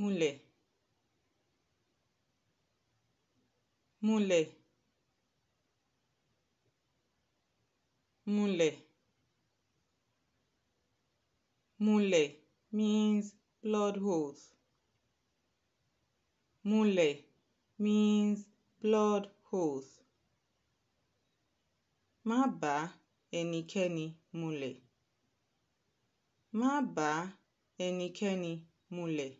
múlẹ̀ múlẹ̀ múlẹ̀ múlẹ̀ means blood holes múlẹ̀ means blood holes má bá ẹnikẹ́ni múlẹ̀ má bá ẹnikẹ́ni múlẹ̀